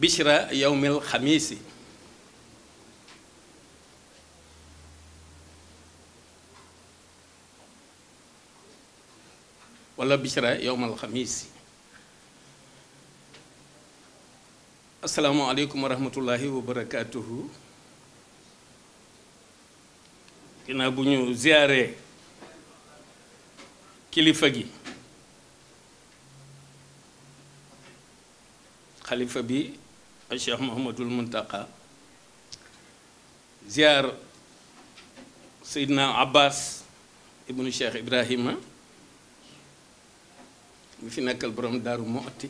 bishra yowmil xamiisi wala bishra yowmal xamiisi asalaamaaleykum wa rahmatullahi wa barakaatuhu ginnaaw bu ñu ziyaaree kilifa gi bi a cheikh Mouhamadul Muntaqa ziar Seydina Abbas ibnu cheikh Ibrahima mi fi nekkal borom daaru Muhti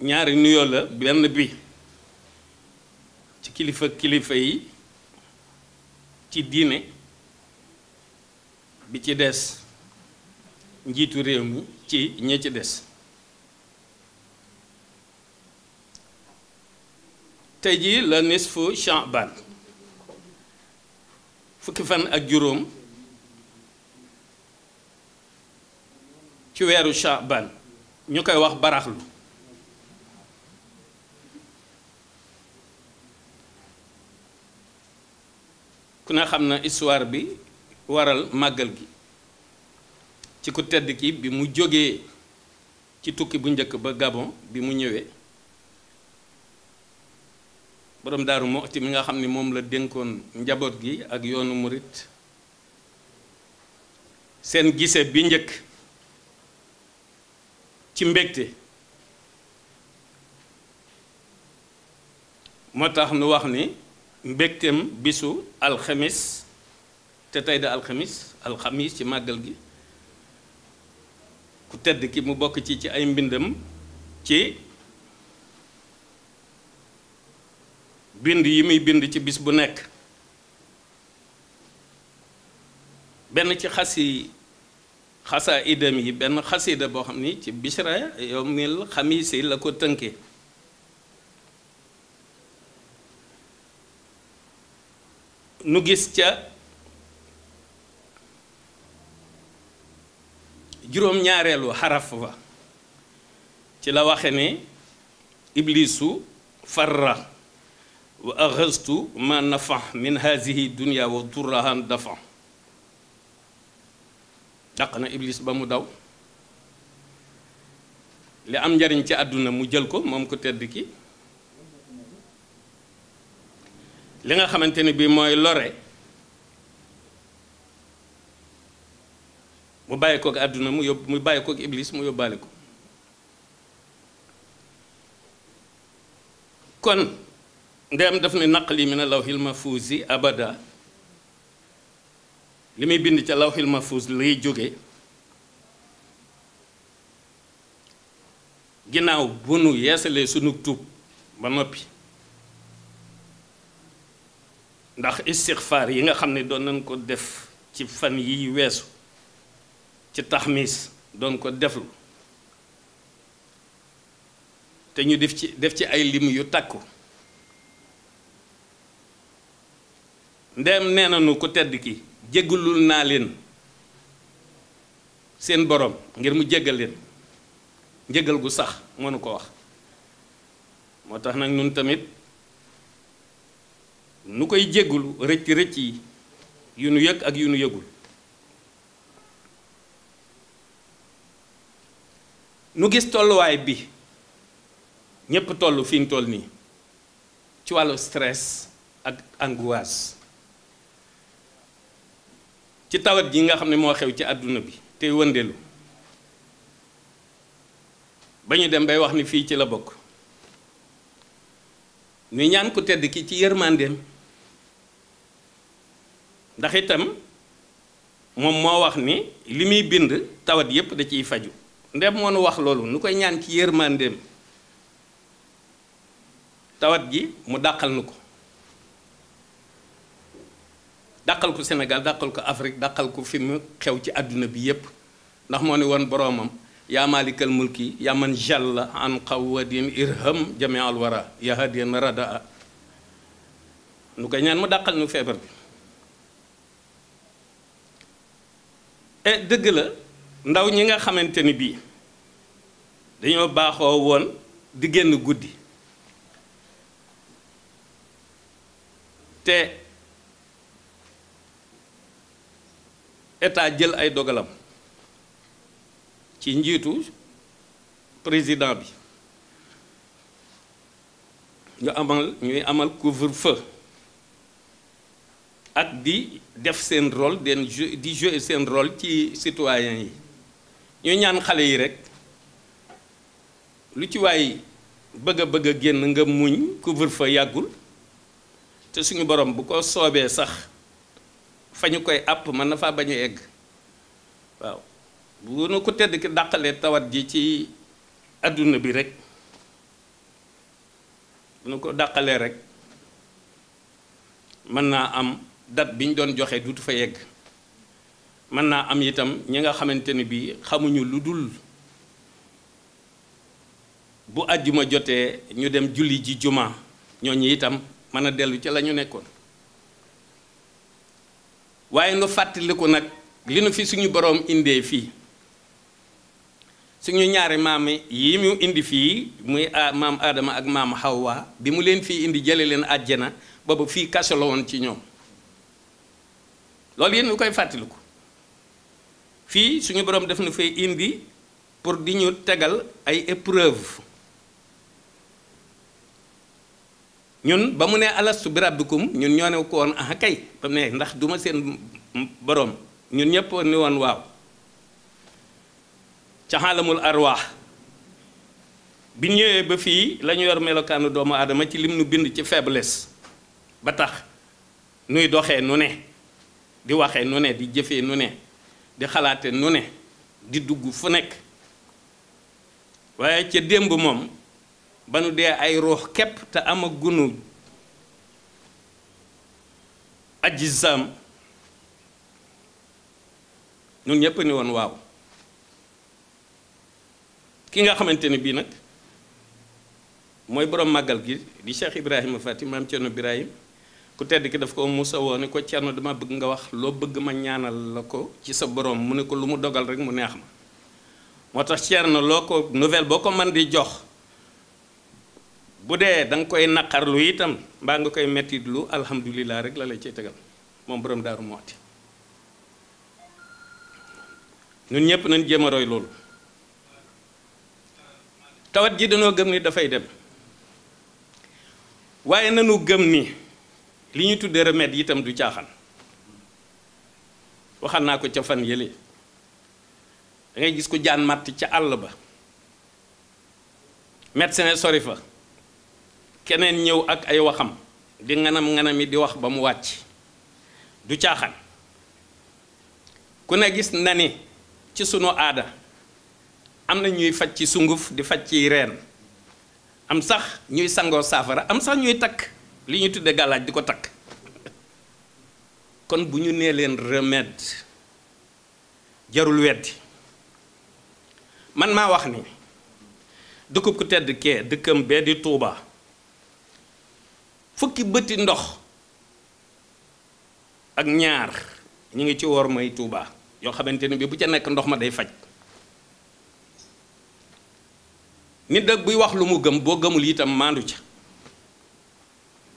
ñaari nuyoo la benn bi ci kilifa kilifa yi ci diine bi ci des njiitu réew mi ci ñi ci des tey jii la nisfu Sha'ban fukki fan ak juróom ci weeru Sha'ban ñu koy wax baraxlu ku ne xam na histoire bi waral màggal gi ci ku tedd ki bi mu jógee ci tukki bu njëkk ba Gabon bi mu ñëwee borom daaru Muxti mi nga xam ni moom la dénkoon njaboot gi ak yoonu murit seen gise bi njëkk ci mbégte moo tax nu wax ni mbégteem bisu alxamis te tey da alxamis alxamis ci màggal gi ku tedd ki mu bokk ci ci ay mbindam ci bind yi muy bind ci bis bu nekk benn ci xasi xasaa idam yi benn xasida boo xam ni ci bishra yawmil xamiisi la ko tënke nu gis ca juróom-ñaareelu xaraf ba ci la waxe ne iblisu farra wa axastu ma nafa min hazihi dunia wa durrahan dafa daq na iblis ba mu daw li am njariñ ci àdduna mu jël ko moom ko tedd ki li nga xamante ne bii mooy lore mu bàyyi kook aduna mu yob mu bàyyi kook iblis mu yóbbaale ko kon ndem daf ne naqli min lawhil mahfuz abada limi bind ci lawhil mahfuz lay jóge ginaaw bu nu yeesale sunu tuub ba noppi ndax istighfar yi nga xam ne doon nañ ko def ci fan yi weesu ci taxmis doon ko deflu te ñu def ci def ci ay lim yu takku ndeem nee nañu ku tedd ki jéggalul naa leen seen borom ngir mu jéggal leen njëgal gu sax mënu ko wax moo tax nag ñun tamit nu koy jéggulu rëcc rëcc yi yu nu yëg ak yu nu yëgul nu gis tolluwaay bi ñépp toll fi ñu toll nii ci wàllu stress ak angoisse ci tawat ji nga xam ne moo xew ci àdduna bi te wëndelu ba ñu dem bay wax ni fii ci la bokk ñu ñaan ku tedd ki ci yërmandeem ndax itam moom moo wax ni li bind tawat yépp da ciy faju ndem moo nu wax loolu nu koy ñaan ci yërmandeem tawat gi mu dàqal nu ko dàqal ko Sénégal dàqal ko Afrique dàqal ko fi mu xew ci àdduna bi yépp ndax moo ne woon boroomam yaa maalikal mulki yaa man jàll an xawadin irham jami al yaa hadiyan radaa nu koy ñaan mu dàqal nu feebar bi e dëgg la ndaw ñi nga xamante ni bii dañoo baaxoo woon di génn guddi te état jël ay dogalam ci njiitu président bi ñu amal ñuy amal couvre-feu ak di def seen rôle den di jouer seen rôle ci citoyen yi ñu ñaan xale yi rek lu ci way bëgg a bëgg a nga muñ couvre-feu yagul te suñu borom bu ko soobee sax fa koy app man na fa bañu egg waaw bu nu ko tedd ki tawat ji ci aduna bi rek bu nu ko dàqalee rek man na am dat biñ doon joxe duutu fa yegg man na am itam ñi nga xamanteni bi xamuñu bu àjjuma jotee ñu dem julli ji juma ñooñu itam mën a dellu ci la ñu nekkoon waaye nu fàttaliku nag li nu fi suñu boroom indee fii suñu ñaari maam yi mu indi fii muy maam aadama ak maam Hawa bi mu leen fii indi jële leen àjjana boobu fii kaso ci ñoom loolu yéen ñu koy fàttaliku fii suñu boroom def na fay indi pour di ñu tegal ay épreuve ñun ba mu ne alastu bi rabbikum ñun ñoo ne ko woon ah kay ndax duma seen boroom ñun ñëpp ni woon waaw ca xaalamul arwaax bi ñëwee ba fii lañu yor melokaanu doomu aadama ci lim nu bind ci faiblesse ba tax nuy doxee nu ne di waxee nu ne di jëfee nu ne di xalaate nu ne di dugg fu nekk waaye ca démb moom banu de ay ruh kep ta ama gunu ajizam ñun ñëpp ni won waw ki nga xamanteni bi nak moy borom magal gi di Cheikh ibrahim Fati maam cheno ibrahim ku tedd ki daf ko musa woni ko cheno dama bëgg nga wax lo bëgg ma ñaanal lako ci sa borom mu ne ko lu mu dogal rek mu neex ma motax cheno loko nouvelle boko man di jox bu dee da nga koy naqarlu itam mbaa nga koy mettitlu alhamdulilah rek la lay cay tegal moom borom daaru Muxti ñun ñëpp nañ jéem a roy loolu tawat ji dañoo gëm ni dafay dem waaye nanu gëm ni li ñu tuddee remède itam du caaxaan waxal naa ko ca fan yële da gis ko jaan màtt ca àll ba médecin sori fa keneen ñew ak ay waxam di nganam nganami di wax ba mu du caaxaan ku ne gis na ni ci sunu aada am na ñuy faj ci sunguf di faj ci reen am sax ñuy sangoo saafara am sax ñuy takk li ñu tudde gàllaaj di ko kon bu ñu ne leen remède jarul weddi man maa wax ni dëkkub ku tedd kee dëkkam bee di Tuubaa fukki bëti ndox ak ñaar ñu ngi ci wor mooy tuubaa yoo xamante ni bi bu ca nekk ndox ma day faj nit nag buy wax lu mu gëm boo gëmul itam maandu ca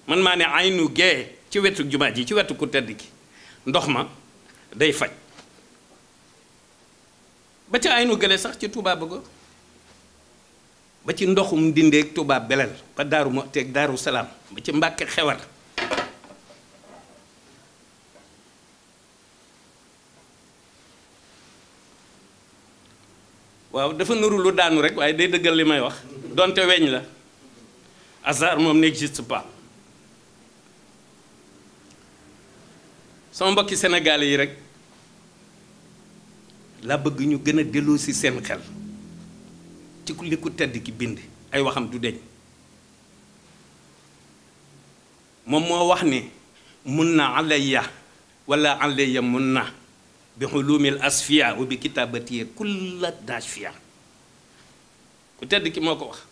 man maa ne aynu gee ci wetu jumaa ji ci wetu ku tedd gi ndox ma day faj ba ca aynu gële sax ci Touba bëgg ba ci ndoxum dindeeg tubaab Belel ba daaru mo teeg daaru salaam ba ci Mbàkke xewar waaw dafa nuru lu daanu rek waaye day dëggal li may wax donte weñ la hasard moom n'existe pas sama mbokki Sénégal yi rek laa bëgg ñu gën a delloo si seen xel ci li ku tedd ki bind ay waxam du deñ moom moo wax ni mun alayya wala alayya mun na bi xulumil asfiya wa bi kitaabatiye kulla dashfiya ku tedd ki moo wax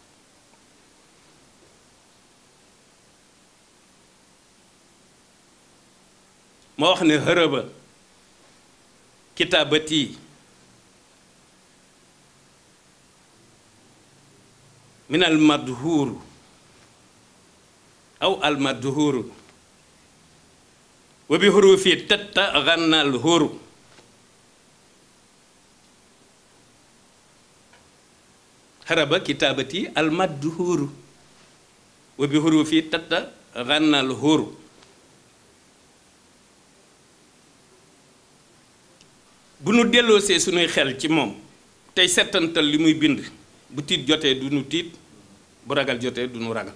moo wax ne hërëba kitaabati من المدهور أو المدهور وبحروف تت غنى الهور هرب كتابتي المدهور وبحروف تت غنى الهور بنو ديلو سي سوني خيل تي موم tey settantal لي موي بيند bu tiit jotee du nu tiit bu ragal jotee du nu ragal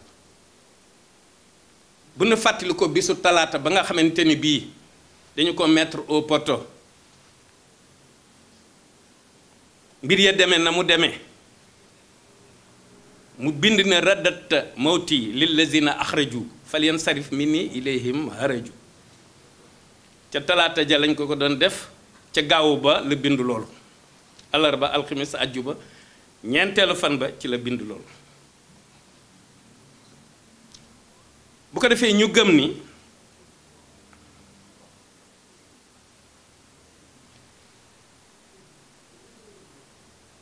bu nu fàttali ko bisu talaata ba nga xamante ni bii dañu ko mettre au poteau mbir ya deme na mu deme mu bind ne raddatta mawti lillazina axraju falyan sarif mi ni ilayhim haraju ca talaata ja lañ ko ko doon def ca gaaw ba la bind loolu ba alxamis àjjuma ñeenteelu fan ba ci la bind loolu bu ko defee ñu gëm ni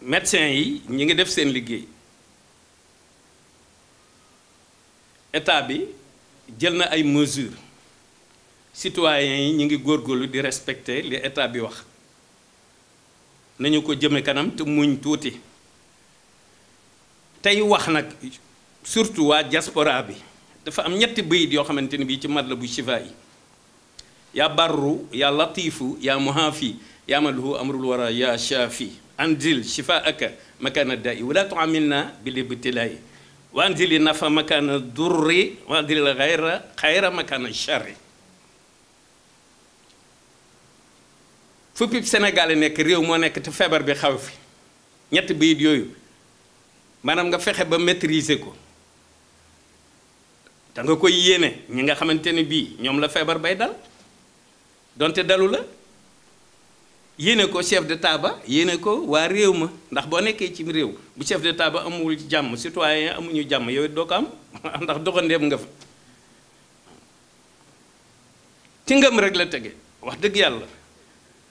médecin yi ñu ngi def seen liggéey état bi jël na ay mesures citoyens yi ñu ngi góor góorlu di respecter li état bi wax nañu ko jëme kanam te muñ tuuti tey wax nag surtout waa diaspora bi dafa am ñetti bayit yoo xamante ni bii ci mat bu shifa yi yaa barru yaa latifu yaa muhafi yaa malhu amrul wara yaa shafi anzil shifaaka makana dai wala tuamilna bil ibtilai wa anzili nafa makana durri wa anzili xayra xayra makana charri fu pib Sénégal nekk réew moo nekk te feebar bi xaw fi ñetti bayit yooyu maanaam nga fexe ba maîtriser ko da nga koy yéene ñi nga xamante ne bii ñoom la feebar bay dal donte dalu la yéene ko chef d'état ba yéene ko waa réew ma ndax boo nekkee ci réew bu chef d'état ba amul jàmm citoyen amuñu jàmm yooyu doo ko am ndax doxandeem nga fa ci ngëm rek la tege wax dëgg yàlla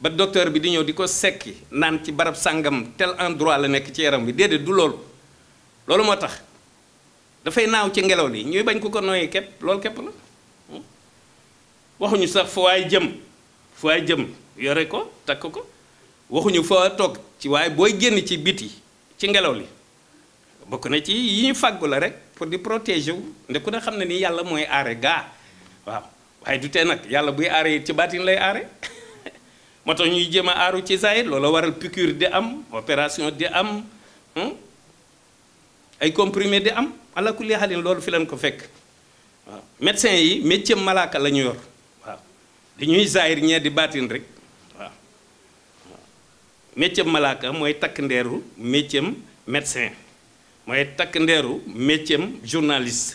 ba docteur bi di ñëw di ko sekki naan ci barab sàngam tel endroit la nekk ci yaram bi déedéet du loolu loolu moo tax dafay naaw ci ngelaw li ñuy bañ ku ko noyyi képp loolu képp la waxuñu sax fu jëm fu jëm yore ko takk ko waxuñu fa toog ci waaye booy génn ci biti ci ngelaw li bokk na ci yi ñu fàggu la rek pour di protéger wu nde ku ne xam ne ni yàlla mooy aare gaa waaw waaye du tee nag yàlla buy aare ci baatin lay aare moo tax ñuy jéem a aaru ci zahir loola waral piqûre di am opération di am ay comprimé di am ala kulli xalin loolu fi leen ko fekk waaw médecin yi métier malaaka lañu yor waaw dañuy zahir ñee di baatin rek waaw métier malaaka mooy takk ndeeru métier médecin mooy takk ndeeru métier journaliste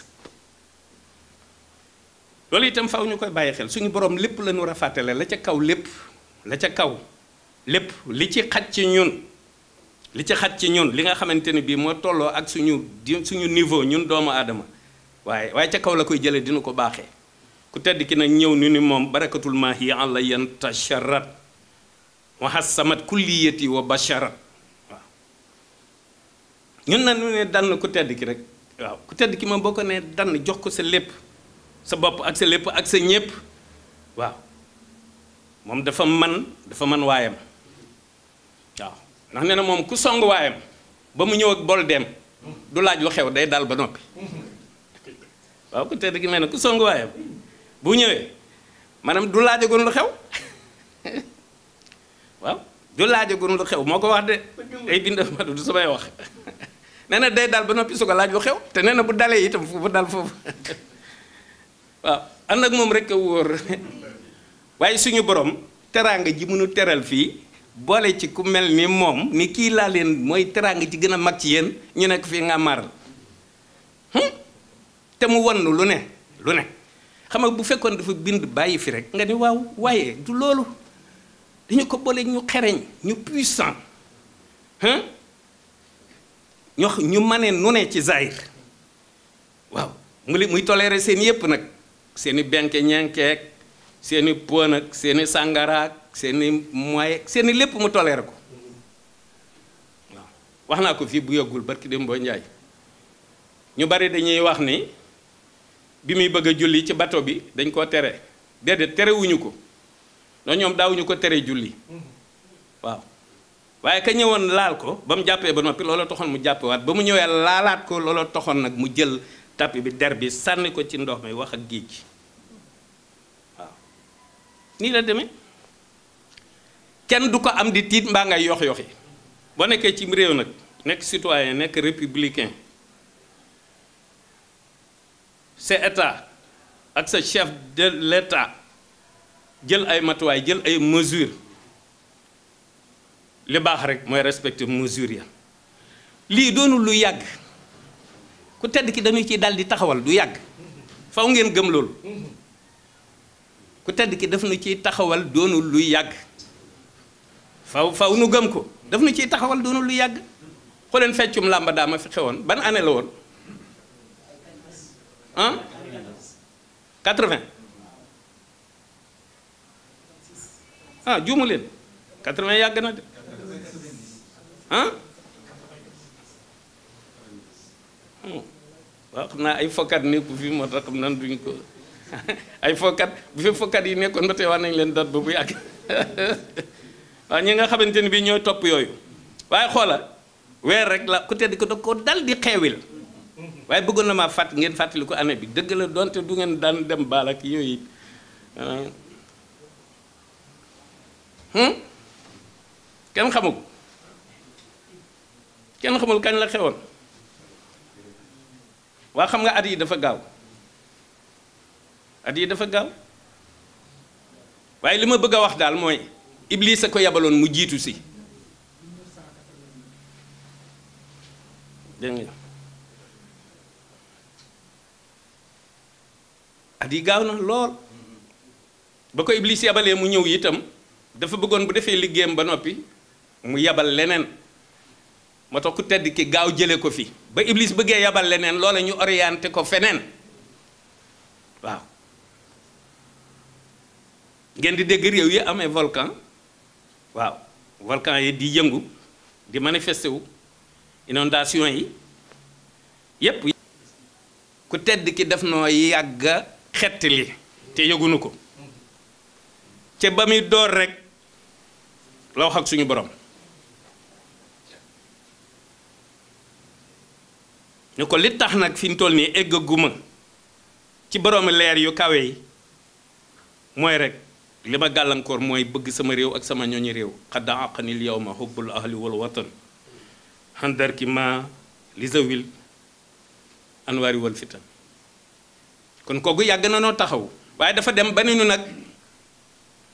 loolu itam faw ñu koy bàyyi xel suñu borom lépp la ñu rafatale la ca kaw lépp la ca kaw lépp li ci xaj ci ñun li ci xaj ci ñun li nga xamante ni bii moo tolloo ak suñu suñu niveau ñun doomu aadama waaye waaye ca kaw la koy jëlee dina ko baaxee ku tedd ki nag ñëw ni ni moom barakatul maahi ala la tasharat wa hassamat samat wa basharat waaw ñun na nu ne dann ku tedd ki rek waaw ku tedd ki ma boo ko ne dann jox ko sa lépp sa bopp ak sa lépp ak sa ñépp waaw moom dafa man dafa man waayam waaw ndax nee na moom ku song waayam ba mu ñëw ak bol dem du laaj lu xew day daal ba noppi waaw ku tedd gi mel ne ku song waayam bu ñëwee maanaam du laajagoon lu xew waaw du laajagoon lu xew moo ko wax de ay bind ma du samay wax nee na day daal ba noppi su ko laaj lu xew te nee na bu dalee itam fu bu dal foofu waaw ànd ak moom rek a wóor waaye suñu boroom teraanga ji mënu teral fii boole ci ku mel ni moom ni kii laa leen mooy teraanga ji gën a mag ci yéen ñu nekk fii nga mar hmm? te mu won lu ne lu ne xam nga bu fekkoon dafa bind bàyyi fi rek nga ni waaw waaye du loolu dañu ko boole ñu xereñ ñu puissant hmm? ñu ñu mane nu ne ci zaahir waaw mu li muy toléré seen yépp nag seeni benke ñenkeek seeni i pon ak seen i sàngaraak seen moye seen lépp mu toléré ko waaw wax naa ko fii bu yoggul barki dem boo njaay ñu bari dañuy wax ni bi muy bëgg a julli ci bato bi dañ koo tere déedéet terewuñu ko noonu ñoom daawuñu ko tere julli waaw waaye ka ñëwoon laal ko ba mu jàppee ba noppi looloo toxoon mu jàppewaat ba mu ñëwee laalaat ko looloo toxoon nag mu jël tapi bi der bi sànni ko ci ndox mi wax ak géej gi nii la deme kenn du ko am di tiit mbaa ngay yox yoxi boo nekkee ci réew nag nekk citoyen nekk républicain sa état ak sa chef de l'état jël ay matuwaay jël ay mesures li baax rek mooy respecte mesures ya lii doonu lu yàgg ku tedd ki dañu ciy dal di taxawal du yàgg faw ngeen gëm loolu ku tedd ki daf nu ciy taxawal doonu luy yàgg faw faw nu gëm ko daf na ciy taxawal doonul luy yàgg xooleen feccum làmba daa ma fi xewoon ban année la woon ah 80 ah juumu leen yàgg na de ah waaw xam naa ay fokkat nekku fii moo tax xam nan duñ ko ay fookat bu fi fookat yi nekkoon ba te war nañ leen dat ba bu yàgg waaw ñi nga xamante ni bii ñoo topp yooyu waaye xoola weer rek la ku tedd ko da ko dal di xeewil waaye bëggoon na maa fàtt ngeen fàttali ko année bi dëgg la donte du ngeen daan dem baal ak yooyu hmm? kenn xamul kenn xamul kañ la xewoon waa xam nga at yi dafa gaaw at yi dafa gaaw waaye li ma bëgg a wax daal mooy Iblis a ko yabaloon mu jiitu si dégg nga at yi gaaw na lool ba ko Iblis yabalee mu ñëw itam dafa bëggoon bu defee liggéeyam ba noppi mu yebal leneen moo tax ku tedd ki gaaw jële ko fi ba Iblis bëggee yabal leneen loola ñu orienté ko feneen waaw ngeen di dégg réew yi amee volcan waaw volcan yi di yëngu di manifesté wu inondation yi yépp ku tedd ki def noo yàgga xettali te yëgunu ko ca ba muy door rek la wax ak suñu borom ne ko li tax nag fi ñu toll nii eggaguma ci boroomi leer yu kawe yi mooy rekk li ma gàllankoor mooy bëgg sama réew ak sama ñooñu réew xadda àqanil yow ma xubbul ahli wal watan xandar ki ma lisawil anwaari wal fitan kon kooku yàgg na noo taxaw waaye dafa dem ba ni nu nag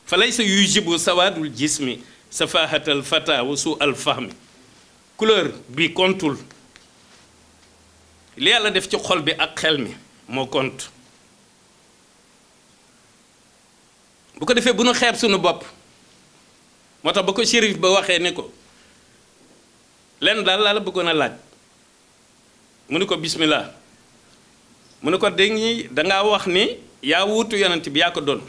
fa lay sa yuy jibu sawaadul jismi safahatal fata wa su al fahmi couleur bi kontul li yàlla def ci xol bi ak xel mi moo kont bu ko defee bu nu xeeb sunu bopp moo tax ba ko shérif ba waxee ne ko lenn daal laa la bëggoon a laaj mu ne ko bismillah mu ne ko dañuy dangaa wax ni yaa wuutu yonent bi yaa ko doon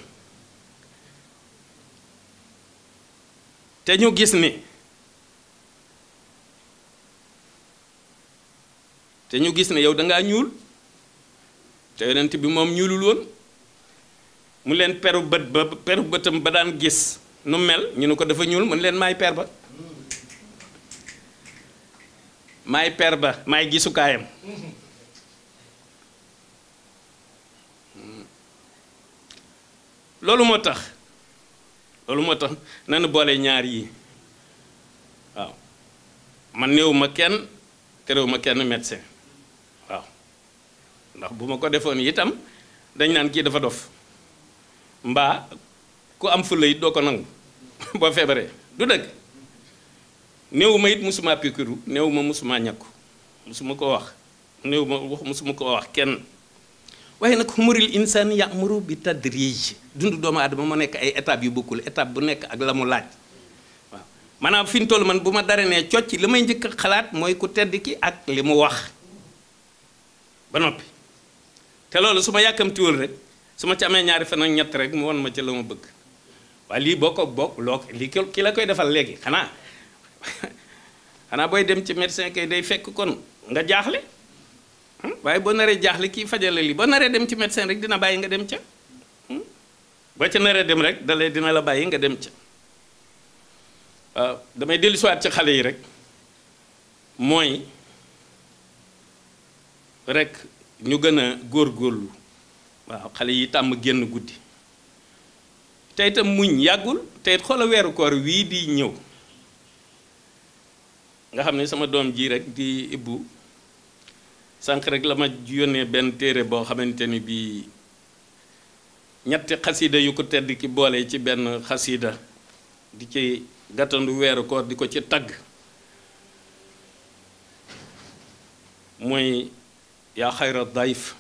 te ñu gis ni te ñu gis ni yow dangaa ñuul te yonent bi moom ñuulul woon mu leen peru bët ba peru bëtam ba daan gis nu mel ñu ne ko dafa ñuul mu leen maay per ba maay per ba maay gisukaayam loolu moo tax loolu moo tax nanu boole ñaar yi waaw man néew ma kenn terew ma kenn médecin waaw ndax bu ma ko defoon itam dañ naan kii dafa dof mbaa ku am fulla it doo ko nangu boo feebaree du dëgg néew ma it musuma pikiru néew ma musuma ñàkku musuma ko wax néew ma wax musuma ko wax kenn waaye nag humuril insaan ya'muru bi tadrij dund doomu aadama moo nekk ay étapes yu bokkul étape bu nekk ak la mu laaj waaw maanaam fi ñu toll man bu ma dara nee cocc li may njëkk xalaat mooy ku tedd ki ak li mu wax ba noppi te loolu su ma yàkkamtiwul rek su ma ci amee ñaari fan ak ñett rek mu won ma ca la ma bëgg waaye lii boo ko bokk loo lii ki la koy defal léegi xanaa xanaa booy dem ci médecin kay day fekk kon nga jaaxle hmm? waaye boo naree jaaxle kii fajale lii boo naree dem ci médecin rek dina bàyyi nga dem ca hmm? boo ca naree dem rek dalee dina la bàyyi nga dem ca damay dellu siwaat ci xale yi rek mooy rek ñu gën a góor góorgóorlu waaw xale yi tàmm génn guddi te muñ yàggul te it xoola weeru koor wii di ñëw nga xam ne sama doom jii rek di ibbu sànq rek la ma yónnee benn téere boo xamante ni bii ñetti xasida yu ko tedd ki boole ci benn xasida di ci gàttandu weeru koor di ko ci tagg mooy yaa xayra dayf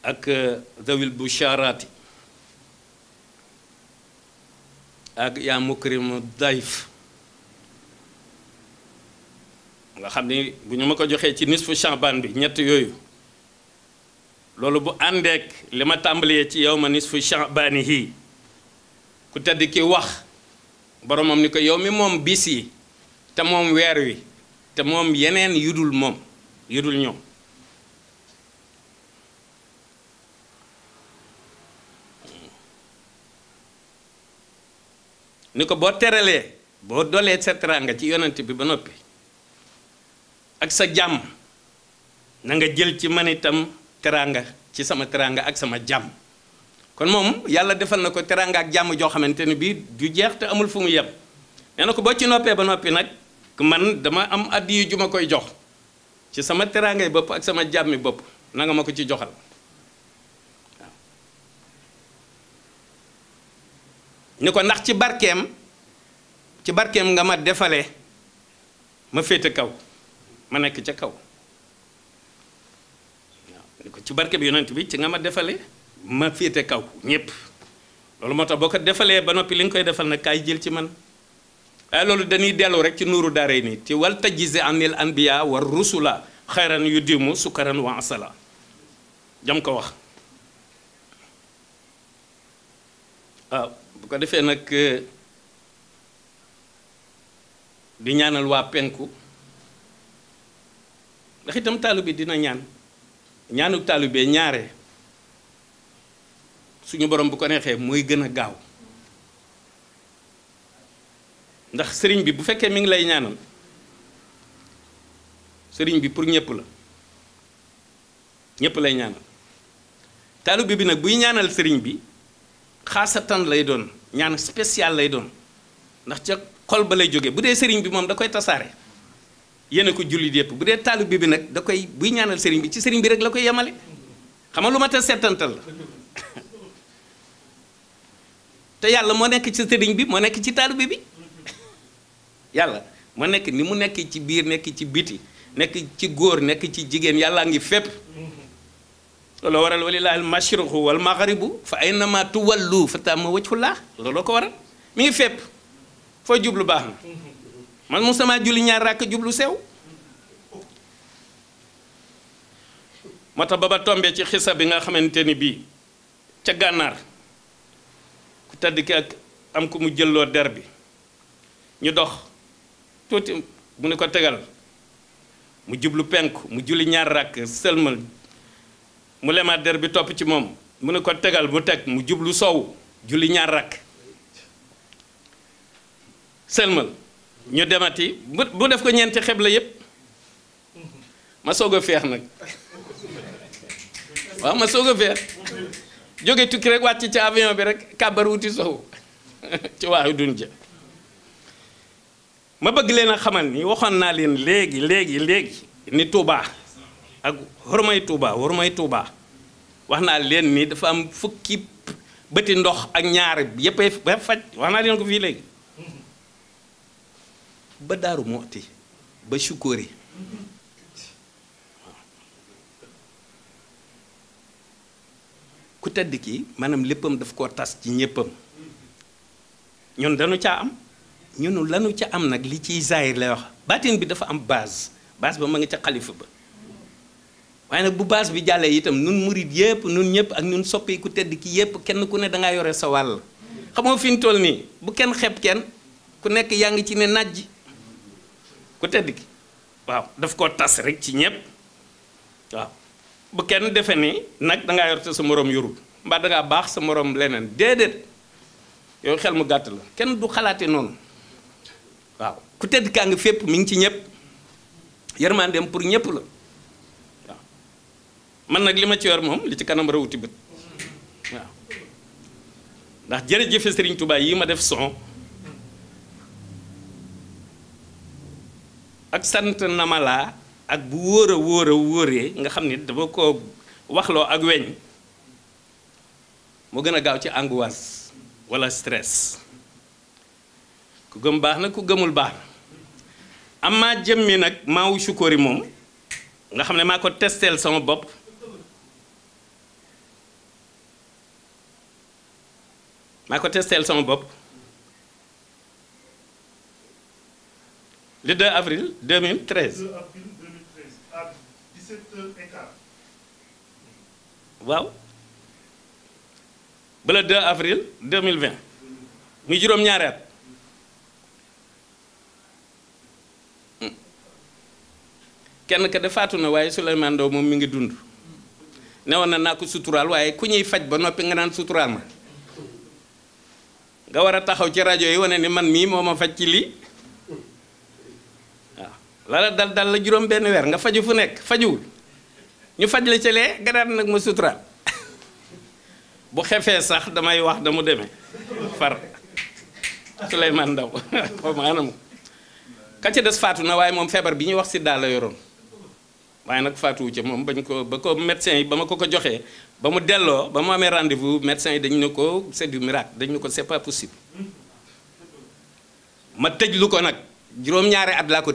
ak zawil euh, busharaati ak yaa mukrimu dayf nga xam ni bu ñu ma ko joxee ci nisfu chaban bi ñett yooyu loolu bu àndeek li ma tàmbalee ci yow ma nisfu chabaani hii ku tedd ki wax boromam ni ko yow mi moom bis yi te moom weer wi te moom yeneen yudul moom yudul ñoom Niko bo terele bo dole et cetera nga ci yonenti bi ba noppi ak sa jam na nga jël ci man itam ci sama teranga ak sama jam kon mom yalla defal nako teranga ak jam jo xamanteni bi du jeex te amul fumu yeb yem nee ko boo ci noppee ba noppi man dama am adi yu juma koy jox ci sama teranga bop ak sama mi bop na nga ma ci joxal ni ko ndax ci barkeem ci barkeem nga ma defale ma féete kaw ma nekk ca kaw waaw ni ko ci barkeem yonent bi ci nga ma defale ma féete kaw ñépp loolu moo tax boo ko defalee ba noppi li nga koy defal nag kaay jël ci man waaye eh, loolu dañuy dellu rek ci nuuru daaray nii ci wal tajise anil anbiya war rusula xayran yu dimu sukaran wa asala jam ko wax waaw ah, bu ko defee nag eh, di ñaanal waa penku ndax itam taalibe dina ñaan ñaanu taalibe ñaare suñu borom bu ko neexee muy gën a gaaw ndax sëriñ bi bu fekkee mu ngi lay ñaanal sëriñ bi pour ñëpp la ñëpp lay ñaanal taalibe bi nag buy ñaanal sëriñ bi xaasatan lay doon ñaan special lay doon ndax ca xol ba lay jóge bu dee sëriñ bi moom da koy tasaare yéene ko jullit yépp bu dee taalib bi nag da koy buy ñaanal sëriñ bi ci sëriñ bi rek la koy yemale xam nga lu ma te setantal la te yàlla moo nekk ci sëriñ bi moo nekk ci taalibe bi yàlla moo nekk ni mu nekk ci biir nekk ci biti nekk ci góor nekk ci jigéen yàllaa ngi fépp looloo waral walillahi almashriqu wal maghribu fa aynama tuwallu fa tamma wajhullah looloo ko waral mi ngi fépp foo jublu baax na man mu sama julli ñaar ràkk jublu sew moo tax ba ba tombee ci xisa bi nga xamante ni bii ca gànnaar ku tëdd ki ak am ku mu jëlloo der bi ñu dox tuuti mu ne ko tegal mu jublu penku mu julli ñaar ràkk sëlmal mu lemaat der bi topp ci moom mu ne ko tegal mu teg mu jublu soow julli ñaar rakk sëlmal ñu demati bu bu def ko ñeenti xeb la yépp ma soog a feex nag waaw ma soog a feex jóge tukki rek wàcc ci avion bi rek kàbbar wuti sow ci waayu dun ja ma bëgg leen a xamal ni waxoon naa leen léegi léegi léegi ni Touba ak xormay Touba xormay Touba wax naa leen ni dafa am fukki bëti ndox ak ñaar yépp a faj wax naa leen ko fii léegi ba Daaru Mooti ba Sukóori ku tedd ki maanaam léppam daf koo tas ci ñéppam ñun dañu caa am ñunu lanu ca am nag li ciy zaahir lay wax baatin bi dafa am baas baas ba mu ngi ca xalifa ba waaye bubas bu baas bi jalle itam nun mouride yep nun ñep ak sopi soppi ku tedd ki yep kenn ku ne da nga yoré sa wal xamoo fiñ toll ni bu kenn xeeb kenn ku nekk yaangi ci ne najj ku tedd ki waaw daf ko tass rek ci ñep waaw bu kenn defé ni nak da nga yor sa morom yuru da nga bax sa morom lenen dedet yow xel mu gatt la kenn du xalaté non waaw ku tedd ka nga fep mi ngi ci ñep yermandem pour ñep la. man nag li ma ci yor moom li ci kanam rawuti bët waaw ndax jërëjëfe sëriñ Touba yi ma def son ak sant na ma laa ak bu wóor a wóor a wóoree nga xam ni dafa ko waxloo ak weñ moo gën a gaaw ci angoisse walla stress ku gëm baax na ku gëmul baax na amaa jëm mi nag maawu sukkoori moom nga xam ne maa ko testeel sama bopp maa ko testeel sama bopp le 2 avril 2013. 2 avril 2013 à 17h15. waaw ba le avril 2020 muy juróom-ñaari hmm. kenn ka de faatu na waaye Souleymane Ndao moom mi ngi dund newoon na naa ko suturaal waaye ku ñuy faj ba noppi nga naan suturaal ma. nga war a taxaw ci rajo yi wane ni man mii moo ma faj ci lii waaw lala dal dal la juróom benn weer nga faju fu nekk fajuwul ñu faj la ca lee nag ma sutura bu xefee sax damay wax damu demee far Souleymane Ndaw xaw ma anam ka ca des faatu na waaye moom feebar bi ñuy wax si daal la yoroon waaye nak fatou ci mom bañ ko ba ko médecin yi ko ko rendez-vous médecin dañ c'est du miracle dañ ne c'est pas possible ma tej lu ko nak à ñaari at la 2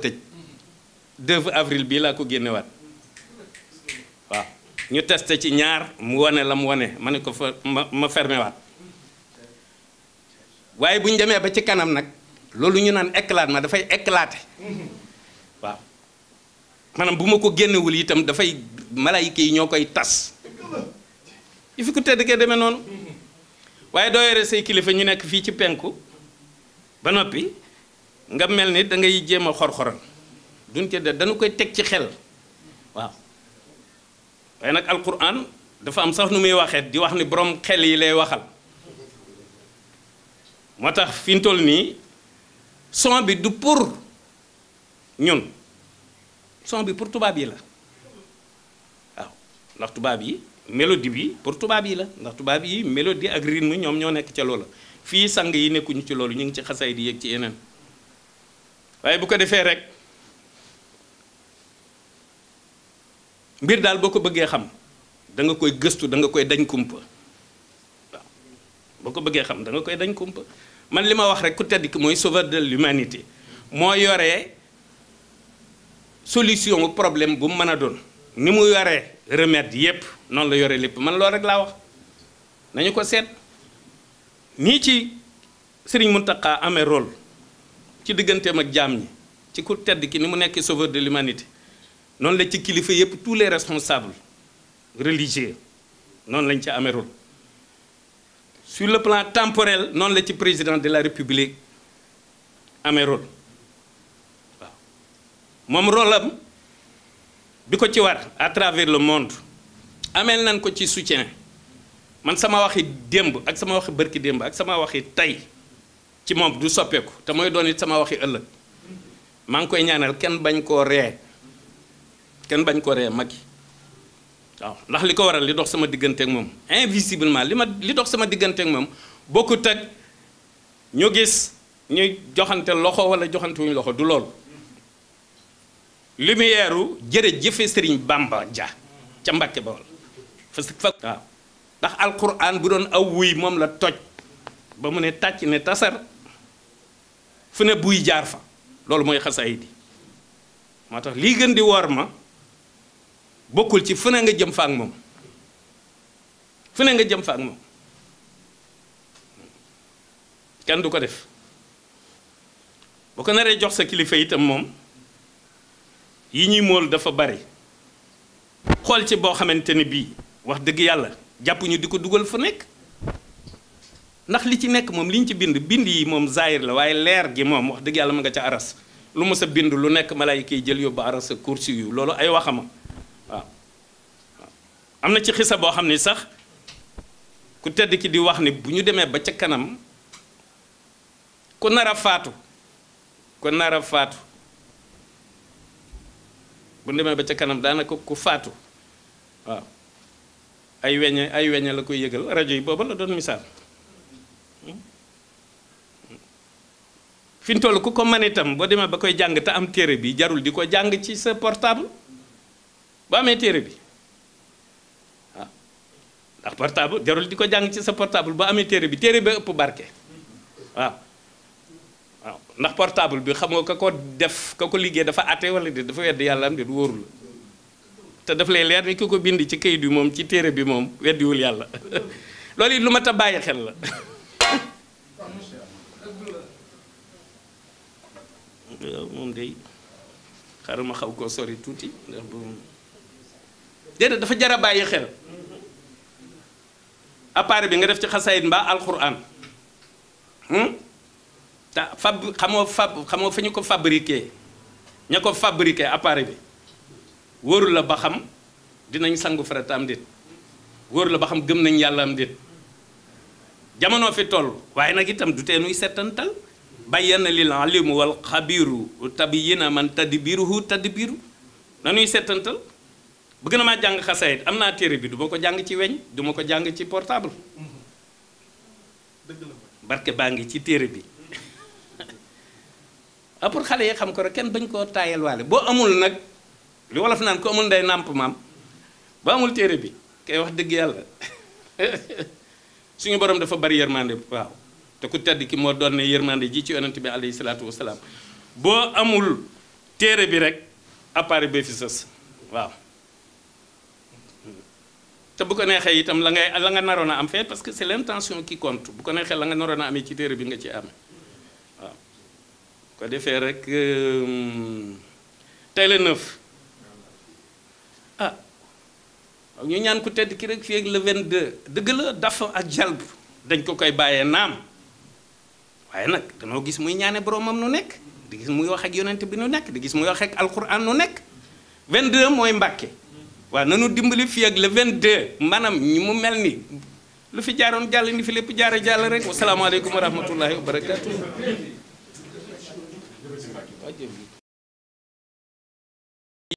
avril bi la ko génnewaat wa ñu testé ci ñaar mu woné la woné mané ko ma fermé wat waye buñu ba ci kanam ñu manam buma ma ko génnewul itam fay malayka yi ñoo tass tas ko tedde ke demé non waye noonu waaye doo kilifa ñu nek fi ci penku ba nopi nga melni da ngay jema xor-xoral duñ ko de dañu koy tek ci xel waaw waye nak alquran dafa am sax nu muy waxe di wax ni borom xel yi lay waxal motax fiñ tol ni son bi du pour ñun son bi pour tubaab yi la waaw ndax tubaab yi mélodie bi pour tubaab yi la ndax tubaab yi mélodie ak rythme ñoom ñoo nekk ca loola fii sang yi nekkuñu ci loolu ñu ngi ci xasay di yéeg ci yeneen waaye bu ko defee rek mbir daal boo ko bëggee xam danga koy gëstu da nga koy dañ kumpa waaw boo ko bëggee xam danga koy dañ kumpa man li ma wax rek ku tedd ki mooy sauveur de l'humanité moo yoree solution problème bu mu mën ni remède yep non la yore lépp man lo rek la wax nañu ko seet ni ci Serigne muntaka amé rôle ci digganteem ak jaam ñi ci ku tedd ki ni mu nekk sauveur de l'humanité non la ci kilifa yépp tous les responsables religieux non lañ ci amé rôle sur le plan temporel non la ci président de la république amé rôle moom rôle am ci war à travers le monde amel nan ko ci soutien man sama waxi demb ak sama waxi barki demb ak sama waxi tay ci mom du soppeeku te moy doni sama waxi ëllëg maa koy ñaanal ken bañ ko ree ken bañ ko ree magi waaw ndax liko waral li dox sama digganteek mom invisiblement li ma li dox sama digganteek mom bokkut ak ñu gis ñu joxante loxo wala joxante wuñ loxo du loolu lumière u jëfe Serigne Bamba Dia ca Mbàkke Bawol fa fa waaw ndax alquran bu doon aw wuy moom la toj ba mu ne tàcc ne tasar fu ne buy jaar fa loolu mooy xasaayid yi moo tax lii gën di woor ma bokkul ci fu ne nga jëm fa ak moom fu ne nga jëm fa ak moom kenn du ko def bu ko naree jox sa kilifa itam moom yi ñuy mool dafa bari xool ci boo xamante ne bii wax dëgg yàlla jàpp ñu di ko dugal fu nekk ndax li ci nekk moom li ñu ci bind bind yi moom zaayir la waaye leer gi moom wax dëgg yàlla ma nga ca aras lu ma sa bind lu nekk malaayika yi jël yóbbu aras sa kursi yu loolu ay waxama waaw am na ci xisa boo xam ne sax ku tedd ki di wax ni bu ñu demee ba ca kanam ku nar a faatu ku nar faatu bu demee ba ca kanam daanaka ku faatu waaw ay weñe ay weñe la koy yëgal rajo yi booba la doon misaal hmm? fi mu toll ku ko mën boo demee ba koy jàng te am téere bi jarul di ko jàng ci sa portable ba amee téere bi waaw ndax portable jarul di ko jàng ci sa portable ba amee téere bi téere ba ëpp barke waaw waaw ndax portable bi xam nga ka ko def ka ko liggéey dafa àtte wala di dafa weddi yàlla am di du wóorul te daf lay leer ni ki ko bind ci kayit bi moom ci téere bi moom weddiwul yàlla loolu it lu ma a bàyyi xel la moom day xaaral ma xaw koo sori tuuti ndax dafa jar a bàyyi xel appareil bi nga def ci xasaayit mbaa alxuraan hmm? ta fab xamoo fab xamoo fañu ko fabriquer ñako fabriquer appareil bi wóoru la ba xam dinañ sangu farata am déet la ba xam gëm nañ yalla am dit jamono fi toll waye nak itam du tee nuy bayyana lil alim wal khabir tabiyina man tadbiruhu tadbiru nanuy settantal bëgg na ma jang xassayit amna téré bi du ko ci weñ du ko ci portable barke ci téré bi ah pour xale yi xam ko rek kenn bañ koo taayal waale boo amul nag li wolof naan ko amul ndey nàmp maam boo amul téere bi kay wax dëgg yàlla suñu borom dafa bari yërmande waaw te ku tedd ki moo doon ne yërmande jii ci yonent bi alayhi salaatu wasalaam boo amul téere bi rek appareil bi fi sës waaw te bu ko neexee itam la ngay naroon a am fee parce que c'est l'intention qui compte bu ko neexee la nga naroon a amee ci téere bi nga ci amee ko defé rek tay la neuf ah ñu ñaan ku tedd ki rek fi ak le 22 deug la daf ak jalb dañ ko koy bàyyee naam waaye nag danoo gis muy ñaané boromam nu nek di gis muy wax ak yonent bi nu nek di gis muy wax ak alquran nu nek 22 moy mbacké wa nañu dimbali fi ak le 22 manam ñu mu melni lu fi jaaroon jall ni fi lepp jaara jall rek wasalaamaaleykum wa rahmatullahi wa barakatuh